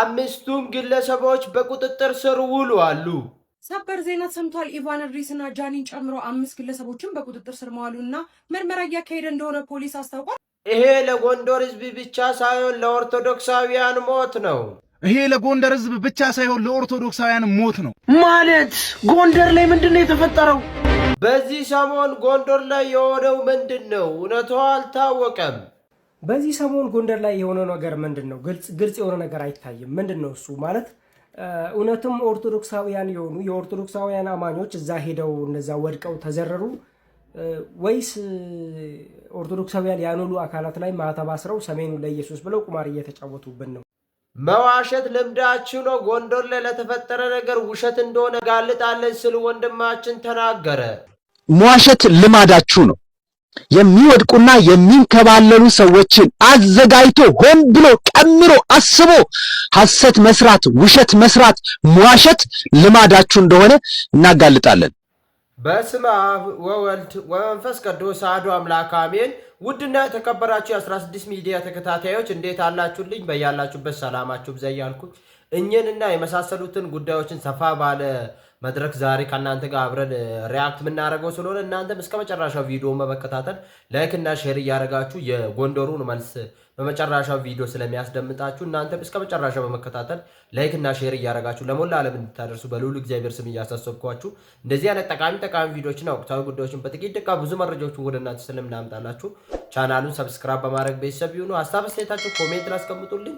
አምስቱም ግለሰቦች በቁጥጥር ስር ውሉ አሉ። ሰበር ዜና ሰምቷል። ኢቫን ሪስ እና ጃኒን ጨምሮ አምስት ግለሰቦችን በቁጥጥር ስር መዋሉ እና ምርመራ እያካሄደ እንደሆነ ፖሊስ አስታውቋል። ይሄ ለጎንደር ህዝብ ብቻ ሳይሆን ለኦርቶዶክሳውያን ሞት ነው። ይሄ ለጎንደር ህዝብ ብቻ ሳይሆን ለኦርቶዶክሳውያን ሞት ነው። ማለት ጎንደር ላይ ምንድን ነው የተፈጠረው? በዚህ ሰሞን ጎንደር ላይ የሆነው ምንድን ነው? እውነቷ አልታወቀም። በዚህ ሰሞን ጎንደር ላይ የሆነ ነገር ምንድን ነው? ግልጽ የሆነ ነገር አይታይም። ምንድን ነው እሱ ማለት እውነትም ኦርቶዶክሳውያን የሆኑ የኦርቶዶክሳውያን አማኞች እዛ ሄደው እነዛ ወድቀው ተዘረሩ ወይስ ኦርቶዶክሳውያን ያኖሉ አካላት ላይ ማህተብ አስረው ሰሜኑ ለኢየሱስ ብለው ቁማር እየተጫወቱብን ነው? መዋሸት ልምዳችሁ ነው። ጎንደር ላይ ለተፈጠረ ነገር ውሸት እንደሆነ ጋልጣለን ስል ወንድማችን ተናገረ። መዋሸት ልማዳችሁ ነው። የሚወድቁና የሚንከባለሉ ሰዎችን አዘጋጅቶ ሆን ብሎ ቀምሮ አስቦ ሐሰት መስራት፣ ውሸት መስራት፣ መዋሸት ልማዳችሁ እንደሆነ እናጋልጣለን። በስመ አብ ወወልድ ወመንፈስ ቅዱስ አሐዱ አምላክ አሜን። ውድና የተከበራችሁ የ16 ሚዲያ ተከታታዮች እንዴት አላችሁልኝ? በያላችሁበት ሰላማችሁ ብዛ እያልኩ እኚህንና የመሳሰሉትን ጉዳዮችን ሰፋ ባለ መድረክ ዛሬ ከእናንተ ጋር አብረን ሪያክት የምናደርገው ስለሆነ እናንተም እስከ መጨረሻው ቪዲዮ በመከታተል ላይክ እና ሼር እያደረጋችሁ የጎንደሩን መልስ በመጨረሻው ቪዲዮ ስለሚያስደምጣችሁ እናንተም እስከ መጨረሻው በመከታተል ላይክ እና ሼር እያደረጋችሁ ለሞላ ዓለም እንድታደርሱ በልዑል እግዚአብሔር ስም እያሳሰብኳችሁ እንደዚህ አይነት ጠቃሚ ጠቃሚ ቪዲዮዎችን ወቅታዊ ጉዳዮችን በጥቂት ደቂቃ ብዙ መረጃዎችን ወደ እናንተ ስለምናምጣላችሁ ቻናሉን ሰብስክራይብ በማድረግ ቤተሰብ ይሁኑ። ሀሳብ አስተያየታችሁ ኮሜንት ላስቀምጡልኝ።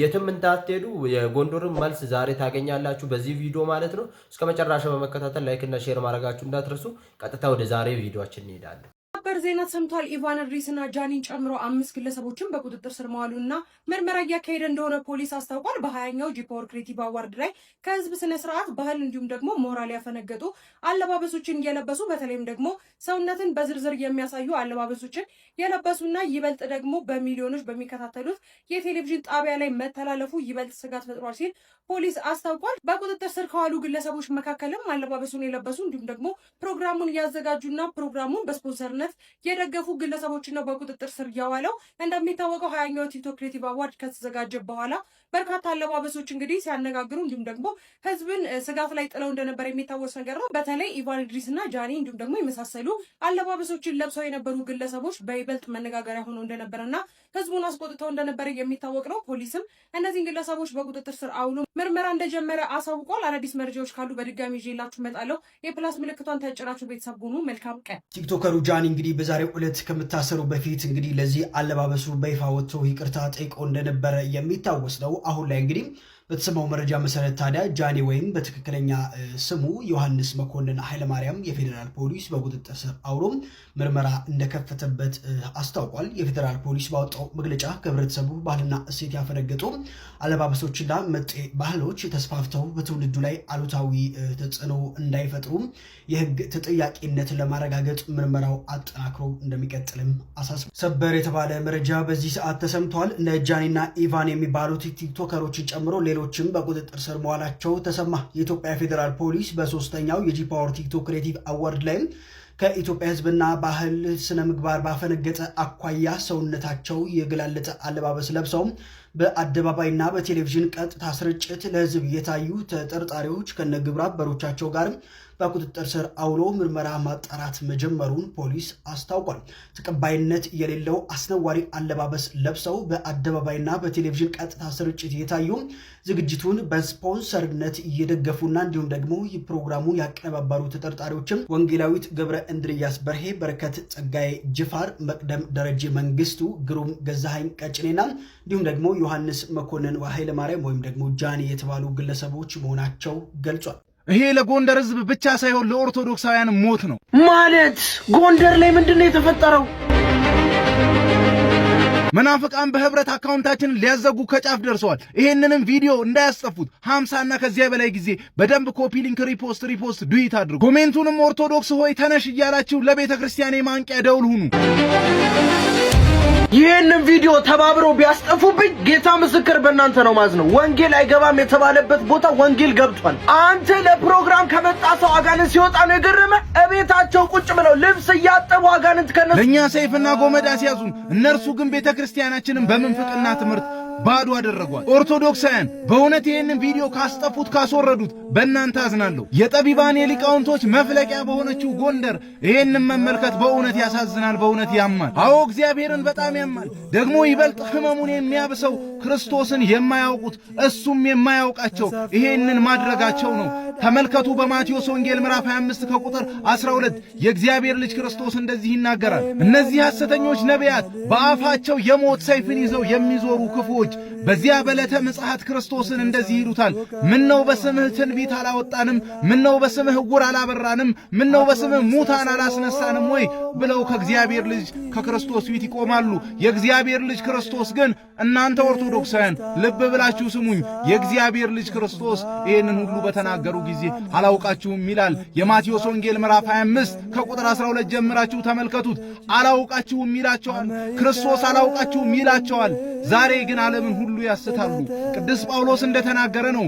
የትም እንዳትሄዱ የጎንደርን መልስ ዛሬ ታገኛላችሁ በዚህ ቪዲዮ ማለት ነው። እስከ መጨረሻ በመከታተል ላይክ እና ሼር ማድረጋችሁ እንዳትረሱ። ቀጥታ ወደ ዛሬ ቪዲዮችን እንሄዳለን። ሰበር ዜና ሰምቷል። ኢቫን ሪስና ጃኒን ጨምሮ አምስት ግለሰቦችን በቁጥጥር ስር መዋሉና ምርመራ እያካሄደ እንደሆነ ፖሊስ አስታውቋል። በሀያኛው ጂፓወር ክሬቲቭ አዋርድ ላይ ከህዝብ ስነ ስርዓት፣ ባህል እንዲሁም ደግሞ ሞራል ያፈነገጡ አለባበሶችን የለበሱ በተለይም ደግሞ ሰውነትን በዝርዝር የሚያሳዩ አለባበሶችን የለበሱና ይበልጥ ደግሞ በሚሊዮኖች በሚከታተሉት የቴሌቪዥን ጣቢያ ላይ መተላለፉ ይበልጥ ስጋት ፈጥሯል ሲል ፖሊስ አስታውቋል። በቁጥጥር ስር ከዋሉ ግለሰቦች መካከልም አለባበሱን የለበሱ እንዲሁም ደግሞ ፕሮግራሙን ያዘጋጁና ፕሮግራሙን በስፖንሰርነት የደገፉ ግለሰቦችን ነው በቁጥጥር ስር ያዋለው። እንደሚታወቀው ሀያኛው ቲቶ ክሬቲቭ አዋርድ ከተዘጋጀ በኋላ በርካታ አለባበሶች እንግዲህ ሲያነጋግሩ እንዲሁም ደግሞ ህዝብን ስጋት ላይ ጥለው እንደነበር የሚታወስ ነገር ነው። በተለይ ኢቫን ድሪስ እና ጃኒ እንዲሁም ደግሞ የመሳሰሉ አለባበሶችን ለብሰው የነበሩ ግለሰቦች በይበልጥ መነጋገሪያ ሆነው እንደነበረና ህዝቡን አስቆጥተው እንደነበረ የሚታወቅ ነው። ፖሊስም እነዚህን ግለሰቦች በቁጥጥር ስር አውሎ ምርመራ እንደጀመረ አሳውቋል። አዳዲስ መረጃዎች ካሉ በድጋሚ ይዤላችሁ እመጣለሁ። የፕላስ ምልክቷን ተጭናችሁ ቤተሰብ ሁኑ። መልካም ቀን። ቲክቶከሩ ጃኒ እንግዲህ በዛሬው ዕለት ከምታሰሩ በፊት እንግዲህ ለዚህ አለባበሱ በይፋ ወጥቶ ይቅርታ ጠይቆ እንደነበረ የሚታወስ ነው። አሁን ላይ እንግዲህ በተሰማው መረጃ መሰረት ታዲያ ጃኒ ወይም በትክክለኛ ስሙ ዮሐንስ መኮንን ኃይለማርያም የፌዴራል ፖሊስ በቁጥጥር ስር አውሎ ምርመራ እንደከፈተበት አስታውቋል። የፌዴራል ፖሊስ ባወጣው መግለጫ ከህብረተሰቡ ባህልና እሴት ያፈነገጡ አለባበሶችና መጤ ባህሎች ተስፋፍተው በትውልዱ ላይ አሉታዊ ተጽዕኖ እንዳይፈጥሩ የህግ ተጠያቂነትን ለማረጋገጥ ምርመራው አጠናክሮ እንደሚቀጥልም አሳስቧል። ሰበር የተባለ መረጃ በዚህ ሰዓት ተሰምተዋል። እነ ጃኒና ኢቫን የሚባሉት ቲክቶከሮችን ጨምሮ ሌሎች ተጠርጣሪዎችም በቁጥጥር ስር መዋላቸው ተሰማ። የኢትዮጵያ ፌዴራል ፖሊስ በሶስተኛው የጂፓወር ቲክቶክ ክሬቲቭ አዋርድ ላይ ከኢትዮጵያ ሕዝብና ባህል ስነ ምግባር ባፈነገጠ አኳያ ሰውነታቸው የገላለጠ አለባበስ ለብሰው በአደባባይና በቴሌቪዥን ቀጥታ ስርጭት ለሕዝብ የታዩ ተጠርጣሪዎች ከነግብረ አበሮቻቸው ጋር በቁጥጥር ስር አውሎ ምርመራ ማጣራት መጀመሩን ፖሊስ አስታውቋል። ተቀባይነት የሌለው አስነዋሪ አለባበስ ለብሰው በአደባባይና በቴሌቪዥን ቀጥታ ስርጭት የታዩ ዝግጅቱን በስፖንሰርነት እየደገፉና እንዲሁም ደግሞ ፕሮግራሙን ያቀነባበሩ ተጠርጣሪዎችም ወንጌላዊት ገብረ እንድርያስ በርሄ፣ በረከት ጸጋዬ ጅፋር፣ መቅደም ደረጀ መንግስቱ፣ ግሩም ገዛሀኝ ቀጭኔና እንዲሁም ደግሞ ዮሐንስ መኮንን ኃይለማርያም ወይም ደግሞ ጃኒ የተባሉ ግለሰቦች መሆናቸው ገልጿል። ይሄ ለጎንደር ህዝብ ብቻ ሳይሆን ለኦርቶዶክሳውያን ሞት ነው። ማለት ጎንደር ላይ ምንድን ነው የተፈጠረው? መናፍቃን በህብረት አካውንታችንን ሊያዘጉ ከጫፍ ደርሰዋል። ይሄንንም ቪዲዮ እንዳያስጠፉት ሀምሳና ከዚያ በላይ ጊዜ በደንብ ኮፒ ሊንክ፣ ሪፖስት ሪፖስት ዱይት አድርጉ። ኮሜንቱንም ኦርቶዶክስ ሆይ ተነሽ እያላችሁ ለቤተ ክርስቲያን የማንቂያ ደውል ሁኑ። ይህንን ቪዲዮ ተባብረው ቢያስጠፉብኝ ጌታ ምስክር በእናንተ ነው ማለት ነው። ወንጌል አይገባም የተባለበት ቦታ ወንጌል ገብቷል። አንተ ለፕሮግራም ከመጣ ሰው አጋንንት ሲወጣ ነው የገረመ። እቤታቸው ቁጭ ብለው ልብስ እያጠቡ አጋንንት ከነሱ ለእኛ ሰይፍና ጎመዳ ሲያዙን፣ እነርሱ ግን ቤተ ክርስቲያናችንን በምንፍቅና ትምህርት ባዶ አደረጓል። ኦርቶዶክሳውያን በእውነት ይህንን ቪዲዮ ካስጠፉት ካስወረዱት በእናንተ አዝናለሁ። የጠቢባን የሊቃውንቶች መፍለቂያ በሆነችው ጎንደር ይህንን መመልከት በእውነት ያሳዝናል፣ በእውነት ያማል። አዎ እግዚአብሔርን በጣም ያማል። ደግሞ ይበልጥ ህመሙን የሚያብሰው ክርስቶስን የማያውቁት እሱም የማያውቃቸው ይሄንን ማድረጋቸው ነው። ተመልከቱ። በማቴዎስ ወንጌል ምዕራፍ 25 ከቁጥር 12 የእግዚአብሔር ልጅ ክርስቶስ እንደዚህ ይናገራል። እነዚህ ሐሰተኞች ነቢያት በአፋቸው የሞት ሰይፍን ይዘው የሚዞሩ ክፉ ሰዎች በዚያ በዕለተ ምጽአት ክርስቶስን እንደዚህ ይሉታል፣ ምነው በስምህ ትንቢት አላወጣንም? ምነው በስምህ ዕውር አላበራንም? ምነው በስምህ ሙታን አላስነሳንም ወይ ብለው ከእግዚአብሔር ልጅ ከክርስቶስ ፊት ይቆማሉ። የእግዚአብሔር ልጅ ክርስቶስ ግን እናንተ ኦርቶዶክሳውያን ልብ ብላችሁ ስሙኝ። የእግዚአብሔር ልጅ ክርስቶስ ይህንን ሁሉ በተናገሩ ጊዜ አላውቃችሁም ይላል። የማቴዎስ ወንጌል ምዕራፍ 25 ከቁጥር 12 ጀምራችሁ ተመልከቱት። አላውቃችሁም ይላቸዋል ክርስቶስ፣ አላውቃችሁም ይላቸዋል። ዛሬ ግን ዓለምን ሁሉ ያስታሉ። ቅዱስ ጳውሎስ እንደተናገረ ነው።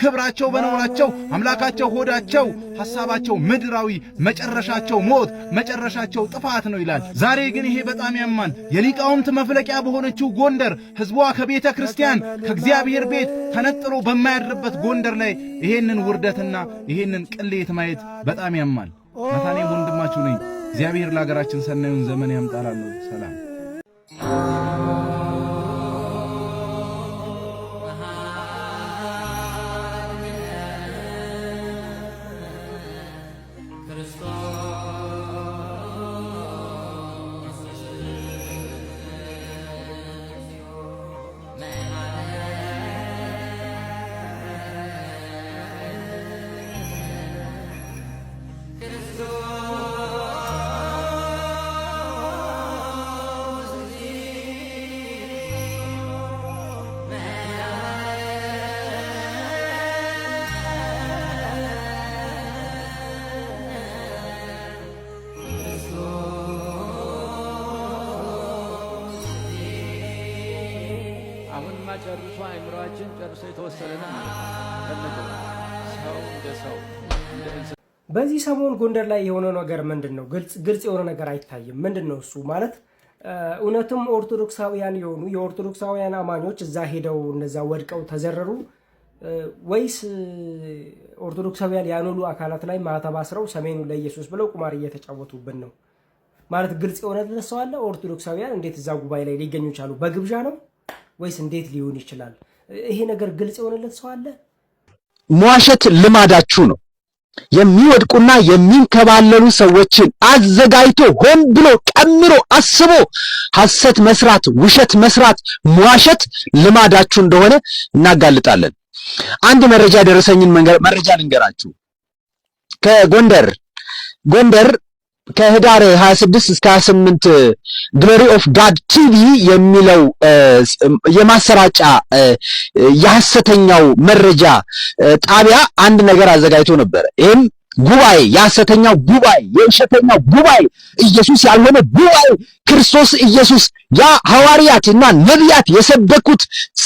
ክብራቸው በነውራቸው፣ አምላካቸው ሆዳቸው፣ ሐሳባቸው ምድራዊ፣ መጨረሻቸው ሞት፣ መጨረሻቸው ጥፋት ነው ይላል። ዛሬ ግን ይሄ በጣም ያማን። የሊቃውንት መፍለቂያ በሆነችው ጎንደር ሕዝቧ ከቤተ ክርስቲያን ከእግዚአብሔር ቤት ተነጥሎ በማያድርበት ጎንደር ላይ ይሄንን ውርደትና ይሄንን ቅሌት ማየት በጣም ያማል። ናታኔ ወንድማችሁ ነኝ። እግዚአብሔር ለአገራችን ሰናዩን ዘመን ያምጣላለሁ። ሰላም ጨርሶ አይምሯችን ጨርሶ የተወሰነ ሰው እንደ ሰው በዚህ ሰሞን ጎንደር ላይ የሆነ ነገር ምንድን ነው? ግልጽ የሆነ ነገር አይታይም። ምንድን ነው እሱ ማለት እውነትም ኦርቶዶክሳውያን የሆኑ የኦርቶዶክሳውያን አማኞች እዛ ሄደው እነዛ ወድቀው ተዘረሩ ወይስ ኦርቶዶክሳውያን ያኖሉ አካላት ላይ ማተብ አስረው ሰሜኑ ለኢየሱስ ብለው ቁማር እየተጫወቱብን ነው ማለት ግልጽ የሆነ ተነሳዋለ። ኦርቶዶክሳውያን እንዴት እዛ ጉባኤ ላይ ሊገኙ ቻሉ? በግብዣ ነው ወይስ እንዴት ሊሆን ይችላል? ይሄ ነገር ግልጽ የሆነለት ሰው አለ? መዋሸት ልማዳችሁ ነው። የሚወድቁና የሚንከባለሉ ሰዎችን አዘጋጅቶ ሆን ብሎ ቀምሮ አስቦ ሐሰት መስራት፣ ውሸት መስራት፣ መዋሸት ልማዳችሁ እንደሆነ እናጋልጣለን። አንድ መረጃ የደረሰኝን መረጃ ልንገራችሁ። ከጎንደር ጎንደር ከህዳር 26 እስከ 28 ግሎሪ ኦፍ ጋድ ቲቪ የሚለው የማሰራጫ የሐሰተኛው መረጃ ጣቢያ አንድ ነገር አዘጋጅቶ ነበር። ይህም ጉባኤ የሐሰተኛው ጉባኤ የውሸተኛው ጉባኤ ኢየሱስ ያልሆነ ጉባኤ ክርስቶስ ኢየሱስ ያ ሐዋርያትና ነቢያት የሰበኩት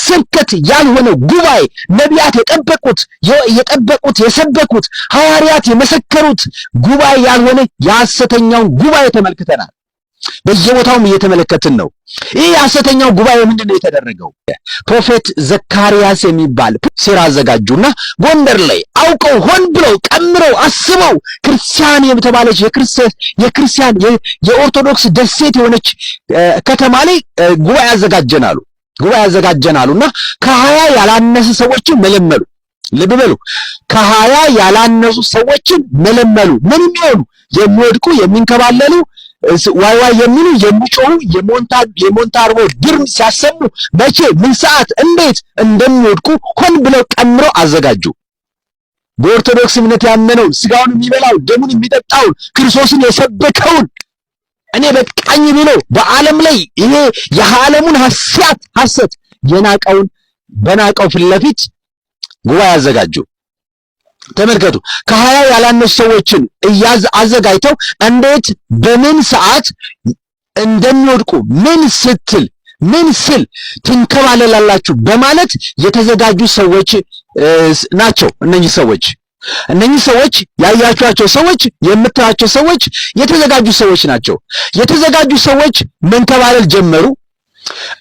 ስብከት ያልሆነ ጉባኤ ነቢያት የጠበቁት የጠበቁት የሰበኩት ሐዋርያት የመሰከሩት ጉባኤ ያልሆነ የሐሰተኛውን ጉባኤ ተመልክተናል። በየቦታውም እየተመለከትን ነው። ይህ የሐሰተኛው ጉባኤ ምንድን ነው የተደረገው? ፕሮፌት ዘካርያስ የሚባል ሴራ አዘጋጁና ጎንደር ላይ አውቀው ሆን ብለው ቀምረው አስበው ክርስቲያን የተባለች የክርስቲያን የኦርቶዶክስ ደሴት የሆነች ከተማ ላይ ጉባኤ ያዘጋጀናሉ ጉባኤ ያዘጋጀናሉ እና ከሀያ ያላነሱ ሰዎችን መለመሉ። ልብ በሉ ከሀያ ያላነሱ ሰዎችን መለመሉ። ምን የሚሆኑ የሚወድቁ የሚንከባለሉ ዋይ ዋይ የሚሉ የሚጮሁ የሞንታርቦ ድርም ሲያሰሙ መቼ ምን ሰዓት እንዴት እንደሚወድቁ ሆን ብለው ቀምረው አዘጋጁ። በኦርቶዶክስ እምነት ያመነውን ስጋውን የሚበላው ደሙን የሚጠጣውን ክርስቶስን የሰበከውን እኔ በቃኝ ብሎ በዓለም ላይ ይሄ የዓለሙን ሐሰት ሐሰት የናቀውን በናቀው ፊት ለፊት ጉባኤ አዘጋጁ። ተመልከቱ ከሀያ ያላነሱ ሰዎችን እያዝ አዘጋጅተው እንዴት በምን ሰዓት እንደሚወድቁ ምን ስትል ምን ስል ትንከባለላላችሁ በማለት የተዘጋጁ ሰዎች ናቸው። እነኚህ ሰዎች እነኚህ ሰዎች ያያችኋቸው ሰዎች የምታያቸው ሰዎች የተዘጋጁ ሰዎች ናቸው። የተዘጋጁ ሰዎች መንከባለል ጀመሩ።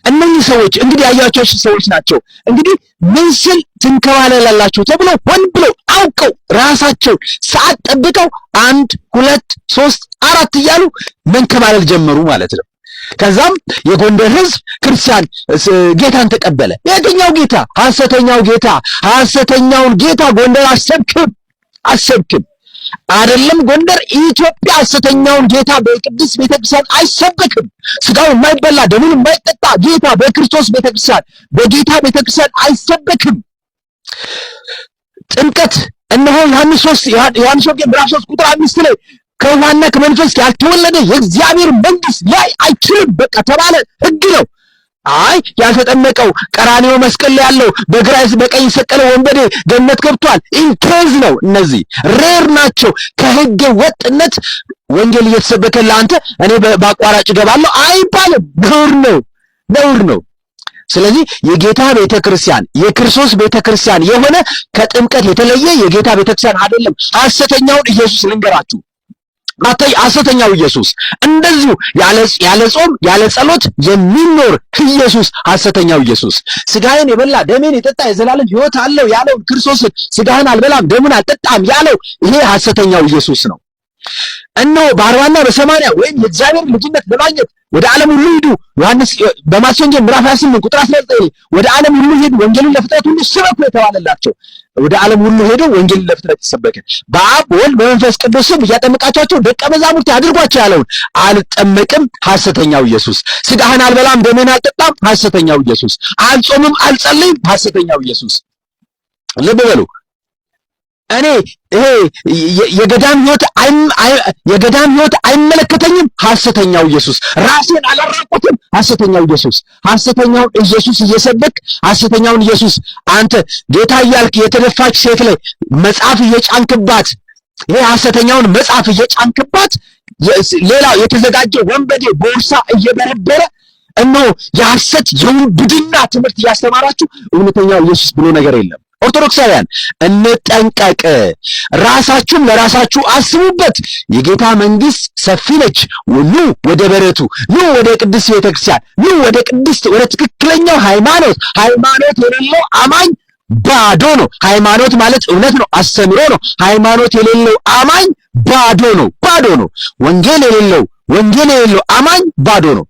እነኚህ ሰዎች እንግዲህ ያያቸው ሰዎች ናቸው። እንግዲህ ምን ስል ትንከባለላላችሁ ተብሎ ሆን ብለው አውቀው ራሳቸው ሰዓት ጠብቀው አንድ ሁለት ሶስት አራት እያሉ መንከባለል ጀመሩ ማለት ነው። ከዛም የጎንደር ህዝብ ክርስቲያን ጌታን ተቀበለ። የትኛው ጌታ? ሐሰተኛው ጌታ። ሐሰተኛውን ጌታ ጎንደር አሰብክም አሰብክም አይደለም ጎንደር፣ ኢትዮጵያ ሐሰተኛውን ጌታ በቅዱስ ቤተክርስቲያን አይሰበክም። ስጋው የማይበላ ደሙን የማይጠጣ ጌታ በክርስቶስ ቤተክርስቲያን በጌታ ቤተክርስቲያን አይሰበክም። ጥምቀት እነሆ ዮሐንስ 3 ዮሐንስ ወንጌል ምዕራፍ 3 ቁጥር 5 ላይ ከውሃና ከመንፈስ ያልተወለደ የእግዚአብሔር መንግስት ላይ አይችልም። በቃ ተባለ። ህግ ነው። አይ ያልተጠመቀው ቀራንዮ መስቀል ያለው በግራይስ በቀኝ ሰቀለ ወንበዴ ገነት ገብቷል። ኢንትሬዝ ነው። እነዚህ ሬር ናቸው። ከህገ ወጥነት ወንጌል እየተሰበከ ለአንተ እኔ በአቋራጭ እገባለሁ አይባልም። ነውር ነው፣ ነውር ነው። ስለዚህ የጌታ ቤተክርስቲያን የክርስቶስ ቤተክርስቲያን የሆነ ከጥምቀት የተለየ የጌታ ቤተክርስቲያን አይደለም። ሐሰተኛውን ኢየሱስ ልንገራችሁ ሐሰተኛው ኢየሱስ እንደዚሁ ያለ ጾም ያለ ጸሎት የሚኖር ኢየሱስ ሐሰተኛው ኢየሱስ ስጋዬን የበላ ደሜን የጠጣ የዘላለም ሕይወት አለው ያለው ክርስቶስን ስጋህን አልበላም ደሙን አልጠጣም ያለው ይሄ ሐሰተኛው ኢየሱስ ነው። እነሆ በአርባና በሰማንያ ወይም የእግዚአብሔር ልጅነት ለማግኘት ወደ ዓለም ሁሉ ሂዱ። ዮሐንስ በማቴዎስ ወንጌል ምዕራፍ 28 ቁጥር 19 ወደ ዓለም ሁሉ ሄዱ፣ ወንጌልን ለፍጥረት ሁሉ ስበኩ የተባለላቸው ወደ ዓለም ሁሉ ሄዱ፣ ወንጌልን ለፍጥረት ተሰበከ። በአብ በወልድ በመንፈስ ቅዱስም እያጠመቃቸው ደቀ መዛሙርት አድርጓቸው ያለውን አልጠመቅም፣ ሐሰተኛው ኢየሱስ ስጋህን አልበላም፣ ደምህን አልጠጣም፣ ሐሰተኛው ኢየሱስ አልጾምም፣ አልጸልይም፣ ሐሰተኛው ኢየሱስ ልብ በሉ። እኔ ይሄ የገዳም ህይወት የገዳም ህይወት አይመለከተኝም። ሐሰተኛው ኢየሱስ ራሴን አላራቁትም። ሐሰተኛው ኢየሱስ ሐሰተኛውን ኢየሱስ እየሰበክ ሐሰተኛውን ኢየሱስ አንተ ጌታ እያልክ የተደፋች ሴት ላይ መጽሐፍ እየጫንክባት ይሄ ሐሰተኛውን መጽሐፍ እየጫንክባት ሌላው የተዘጋጀ ወንበዴ ቦርሳ እየበረበረ እነሆ የሐሰት የውንብድና ትምህርት እያስተማራችሁ እውነተኛው ኢየሱስ ብሎ ነገር የለም። ኦርቶዶክሳውያን እንጠንቀቅ። ራሳችሁም ለራሳችሁ አስቡበት። የጌታ መንግስት ሰፊ ነች። ኑ ወደ በረቱ፣ ኑ ወደ ቅድስት ቤተክርስቲያን፣ ኑ ወደ ቅድስት ወደ ትክክለኛው ሃይማኖት። ሃይማኖት የሌለው አማኝ ባዶ ነው። ሃይማኖት ማለት እውነት ነው፣ አስተምሮ ነው። ሃይማኖት የሌለው አማኝ ባዶ ነው፣ ባዶ ነው። ወንጌል የሌለው ወንጌል የሌለው አማኝ ባዶ ነው።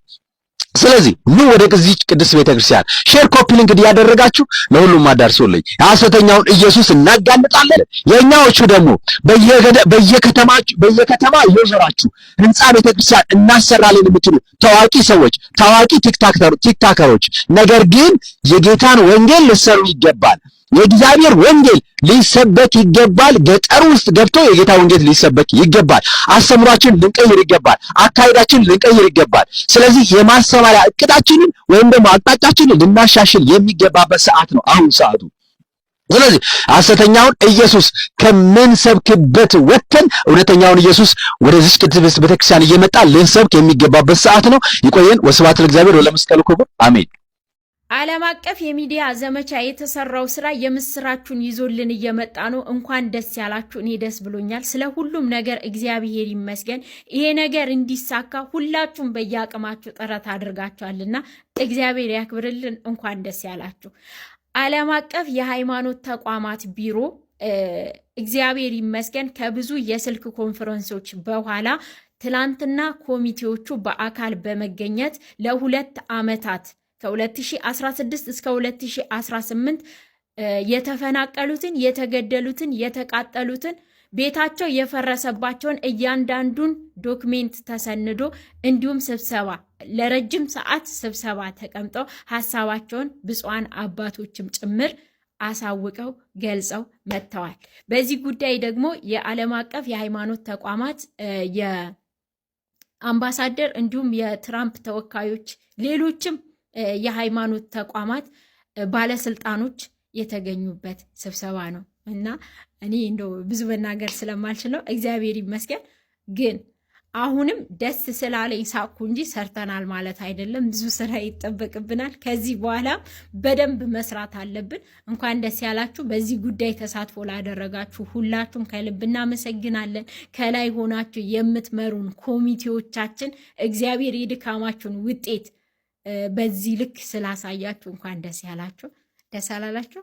ስለዚህ ኑ ወደ እዚህ ቅዱስ ቤተክርስቲያን ሼር ኮፒ ሊንክ እያደረጋችሁ ለሁሉም አዳርሶልኝ። የሐሰተኛውን ኢየሱስ እናጋልጣለን። የኛዎቹ ደግሞ በየከተማችሁ በየከተማ እየዞራችሁ ህንፃ ቤተክርስቲያን እናሰራለን የምትሉ ታዋቂ ሰዎች፣ ታዋቂ ቲክታከሮች ነገር ግን የጌታን ወንጌል ልሰሩ ይገባል። የእግዚአብሔር ወንጌል ሊሰበክ ይገባል። ገጠር ውስጥ ገብቶ የጌታ ወንጌል ሊሰበክ ይገባል። አስተምሯችን ልንቀይር ይገባል። አካሄዳችን ልንቀይር ይገባል። ስለዚህ የማስተማሪያ እቅዳችንን ወይም ደግሞ አቅጣጫችንን ልናሻሽል የሚገባበት ሰዓት ነው አሁን ሰዓቱ። ስለዚህ ሐሰተኛውን ኢየሱስ ከምንሰብክበት ወጥተን እውነተኛውን ኢየሱስ ወደዚች ቅድስት ቤተክርስቲያን እየመጣ ልንሰብክ የሚገባበት ሰዓት ነው። ይቆየን። ወስብሐት ለእግዚአብሔር ወለመስቀሉ ክቡር አሜን። ዓለም አቀፍ የሚዲያ ዘመቻ የተሰራው ስራ የምስራችሁን ይዞልን እየመጣ ነው። እንኳን ደስ ያላችሁ። እኔ ደስ ብሎኛል። ስለ ሁሉም ነገር እግዚአብሔር ይመስገን። ይሄ ነገር እንዲሳካ ሁላችሁም በየአቅማችሁ ጥረት አድርጋችኋልና እግዚአብሔር ያክብርልን። እንኳን ደስ ያላችሁ። ዓለም አቀፍ የሃይማኖት ተቋማት ቢሮ እግዚአብሔር ይመስገን ከብዙ የስልክ ኮንፈረንሶች በኋላ ትላንትና ኮሚቴዎቹ በአካል በመገኘት ለሁለት ዓመታት ከ2016 እስከ 2018 የተፈናቀሉትን፣ የተገደሉትን፣ የተቃጠሉትን ቤታቸው የፈረሰባቸውን እያንዳንዱን ዶክሜንት ተሰንዶ እንዲሁም ስብሰባ ለረጅም ሰዓት ስብሰባ ተቀምጠው ሀሳባቸውን ብፁዓን አባቶችም ጭምር አሳውቀው ገልጸው መጥተዋል። በዚህ ጉዳይ ደግሞ የዓለም አቀፍ የሃይማኖት ተቋማት የአምባሳደር እንዲሁም የትራምፕ ተወካዮች ሌሎችም የሃይማኖት ተቋማት ባለስልጣኖች የተገኙበት ስብሰባ ነው እና እኔ እንደ ብዙ መናገር ስለማልችለው እግዚአብሔር ይመስገን ግን አሁንም ደስ ስላለኝ ሳኩ እንጂ ሰርተናል ማለት አይደለም። ብዙ ስራ ይጠበቅብናል። ከዚህ በኋላም በደንብ መስራት አለብን። እንኳን ደስ ያላችሁ። በዚህ ጉዳይ ተሳትፎ ላደረጋችሁ ሁላችሁም ከልብ እናመሰግናለን። ከላይ ሆናችሁ የምትመሩን ኮሚቴዎቻችን እግዚአብሔር የድካማችሁን ውጤት በዚህ ልክ ስላሳያችሁ እንኳን ደስ ያላችሁ፣ ደስ አላላችሁ።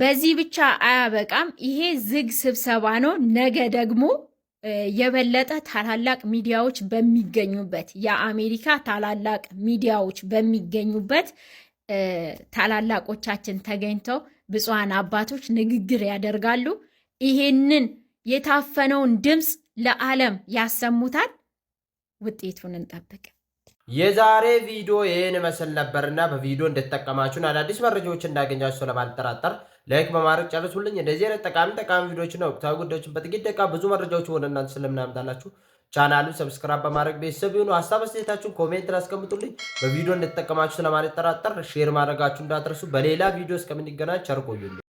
በዚህ ብቻ አያበቃም። ይሄ ዝግ ስብሰባ ነው። ነገ ደግሞ የበለጠ ታላላቅ ሚዲያዎች በሚገኙበት የአሜሪካ ታላላቅ ሚዲያዎች በሚገኙበት ታላላቆቻችን ተገኝተው ብፁዓን አባቶች ንግግር ያደርጋሉ። ይሄንን የታፈነውን ድምፅ ለዓለም ያሰሙታል። ውጤቱን እንጠብቅ። የዛሬ ቪዲዮ ይህን መስል ነበርና በቪዲዮ እንደተጠቀማችሁን አዳዲስ መረጃዎች እንዳገኛችሁ ስለማልጠራጠር ላይክ በማድረግ ጨርሱልኝ። እንደዚህ አይነት ጠቃሚ ጠቃሚ ቪዲዮዎችና ወቅታዊ ጉዳዮችን በጥቂት ደቂቃ ብዙ መረጃዎች ሆነ እናንተ ስለምናምታላችሁ ቻናሉ ሰብስክራይብ በማድረግ ቤተሰብ ይሁኑ። ሀሳብ አስተያየታችሁን ኮሜንት አስቀምጡልኝ። በቪዲዮ እንደተጠቀማችሁ ስለማልጠራጠር ሼር ማድረጋችሁ እንዳትረሱ። በሌላ ቪዲዮ እስከምንገናኝ ቸር ቆዩልኝ።